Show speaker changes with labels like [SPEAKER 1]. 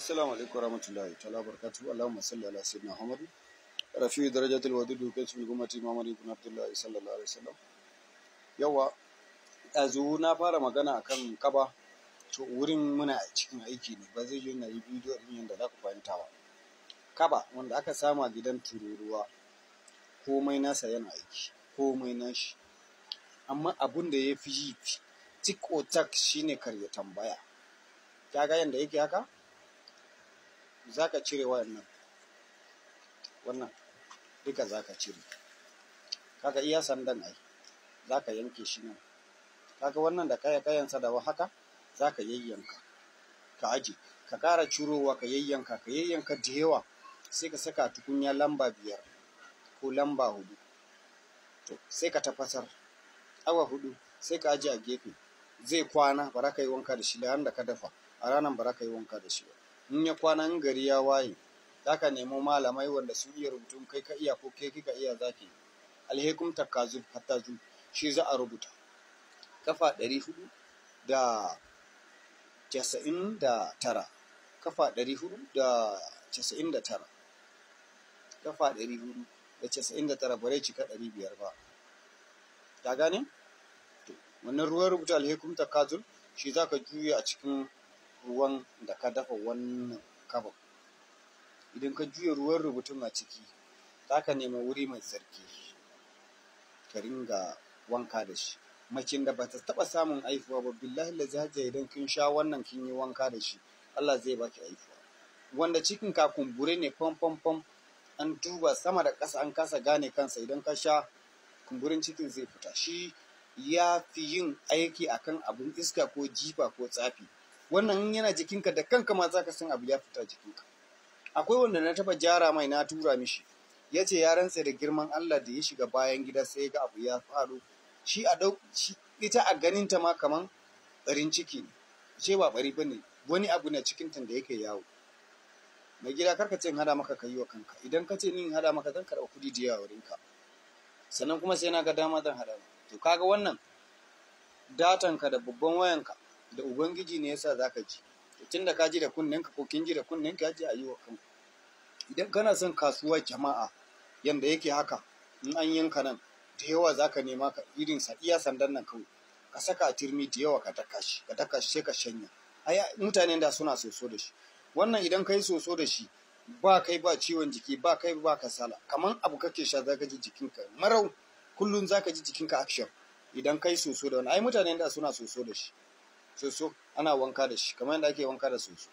[SPEAKER 1] السلام عليكم ورحمة الله تعالى وبركاته اللهم صل على سيدنا محمد رفيع درجة الودود وكشف الأمة محمد بن عبد الله صلى الله عليه وسلم yawa ɗazu na fara magana akan kaba to wurin muna cikin aiki ne ba zai yi na yi bidiyo ɗin yadda za ku fahimta ba kaba wanda aka sama gidan tururuwa komai nasa yana aiki komai nashi amma abun da ya fi yi tik o tak shine karya tambaya kaga yadda yake haka za ka cire wayannan wannan duka za ka cire kaga iya sandan ai za ka yanke shi nan kaga wannan da kaya kayansa da haka za ka yayyanka ka aji ka ƙara curowa ka yayyanka ka yayyanka da yawa sai ka saka tukunya lamba biyar ko lamba hudu to sai ka tafasar awa hudu sai ka aji a gefe zai kwana baraka ka yi wanka da shi da handa ka dafa a ranar baraka ka yi wanka da shi ba in ya kwana in gari ya waye za ka nemo malamai wanda sun iya rubutu kai ka iya ko kai kika iya zaki alhekum takazu hatta zu shi za a rubuta kafa ɗari hudu da casa'in da tara kafa ɗari hudu da casa'in da tara kafa ɗari hudu da casa'in da tara bare cika ɗari biyar ba ta gane wannan ruwan rubuta alhekum takazul shi za ka juya a cikin ruwan da ka dafa wannan kabin idan ka juya ruwan rubutun a ciki za ka nema wuri mai tsarki ka ringa wanka da shi macin da ba ta taɓa samun aifuwa ba billahi da zaje idan kin sha wannan kin yi wanka da shi Allah zai baki aifuwa wanda cikin ka kumbure ne fam fam fam an duba sama da ƙasa an kasa gane kansa idan ka sha kumburin cikin zai fita shi ya fi yin aiki akan abin iska ko jifa ko tsafi wannan yana jikinka da kanka ma zaka san abu ya fita jikinka akwai wanda na taba jara mai na tura mishi ya ce ya rantse da girman Allah da ya shiga bayan gida sai ga abu ya faru shi a dau ita a ganin ta ma kaman barin ciki ne ce ba bari bane wani abu na cikin ta da yake yawo mai gida karka ce in hada maka kai wa kanka idan ka ce ni in hada maka zan karɓa kuɗi da yawa rinka sannan kuma sai na ga dama zan hada to kaga wannan datanka da babban wayanka da ubangiji ne yasa ka ji tun da ka ji da kunninka ko kin ji da kunninka ya ji a yi wa kanku idan kana son kasuwa jama'a yanda yake haka in an yanka nan da yawa za ka nema ka irin sa iya sandan nan kawai ka saka a turmi da yawa ka daka shi ka daka shi sai ka shanya aya mutane da suna soso da shi wannan idan kai soso da shi ba kai ba ciwon jiki ba kai ba kasala kaman abu kake sha za ka ji jikinka marau kullun ka ji jikinka action idan kai soso da wani ai mutane da suna soso da shi soso ana wanka da shi kamar yadda ake wanka da soso